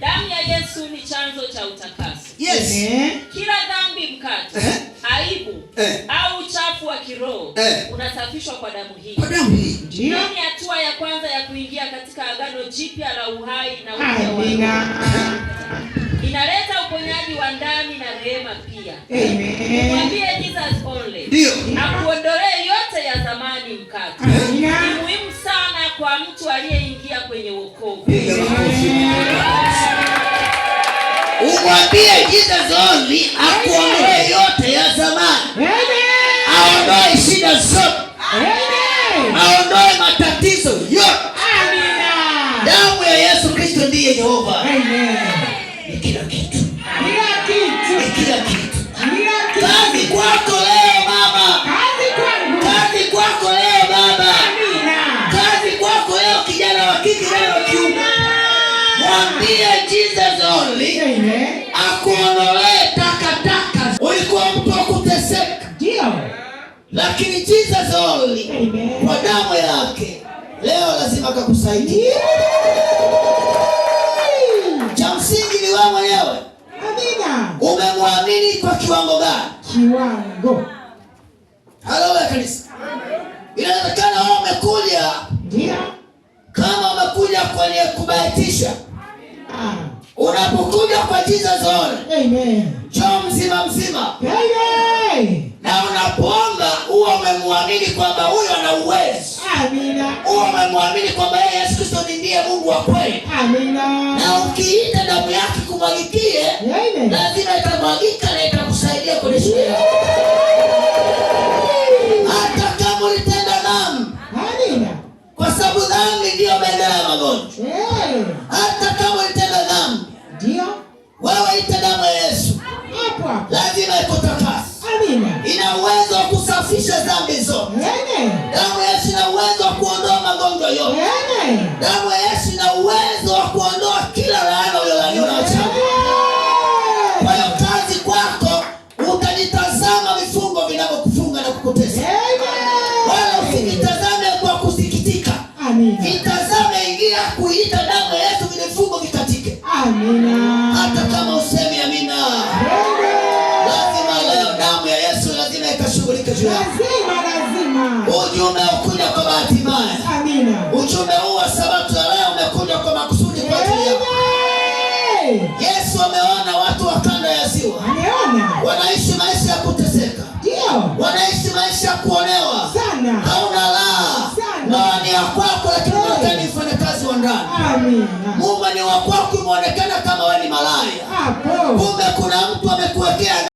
Damu ya Yesu ni chanzo cha utakaso. Yes. Eh. Kila dhambi mkato, eh. aibu eh. au uchafu wa kiroho unasafishwa kwa damu hii. Kwa damu hii. Ndio. Ni hatua ya kwanza ya kuingia katika agano jipya la uhai na upya inaleta uponyaji wa ndani na rehema pia. Amen. Mwambie Jesus only. Ndio. Akuondolee yote ya zamani mkato mtu aliyeingia kwenye wokovu. Umwambie Jesus only akuondoe yote ya zamani, aondoe shida zote, aondoe matatizo yote. Damu ya Yesu Kristo ndiye Yehova. Mambie Jesus only. Amen. Akuondolee takataka. Ulikuwa mtu wa kuteseka. Ndio. Lakini Jesus only. Amen. Kwa damu yake. Leo lazima akakusaidie. Cha msingi ni wewe mwenyewe. Amina. Umemwamini kwa kiwango gani? Kiwango. halo ya kanisa. Inawezekana wao wamekuja. Ndio. Kama wamekuja kwa nia kubahatisha. Unapokuja kwa Jesus on. Amen. Njoo mzima mzima. Amen. Na unapoomba uwe umemwamini kwamba huyo ana uwezo. Amina. Uwe umemwamini kwamba yeye Yesu Kristo ni ndiye Mungu wa kweli. Amina. Na ukiita damu yake kumwagikie, lazima itamwagika na itakusaidia kwenye shida yako. Hata kama ulitenda dhambi. Amina. Kwa sababu dhambi ndiyo baba ya magonjwa. Hata kama wewe ite damu ya Yesu hapa, lazima ikutakase. Amina, Ina uwezo wa kusafisha dhambi zote. Damu ya Yesu ina uwezo wa kuondoa magonjwa yote. Damu ya Yesu ina uwezo wa kuondoa lazima lazima. Ujumbe ukuja kwa bahati mbaya. Amina. Ujumbe huu wa sabato ya leo umekuja kwa makusudi kwa ajili yako. Yesu ameona watu wa kanda ya ziwa. Ameona. Wanaishi maisha ya kuteseka. Ndio. Wanaishi maisha ya kuonewa. Sana. Hauna raha. Na ni kwako lakini unataka ifanye kazi wa ndani. Amina. Mungu ni wa kwako umeonekana kama wewe ni malaya. Hapo. Kumbe kuna mtu amekuwekea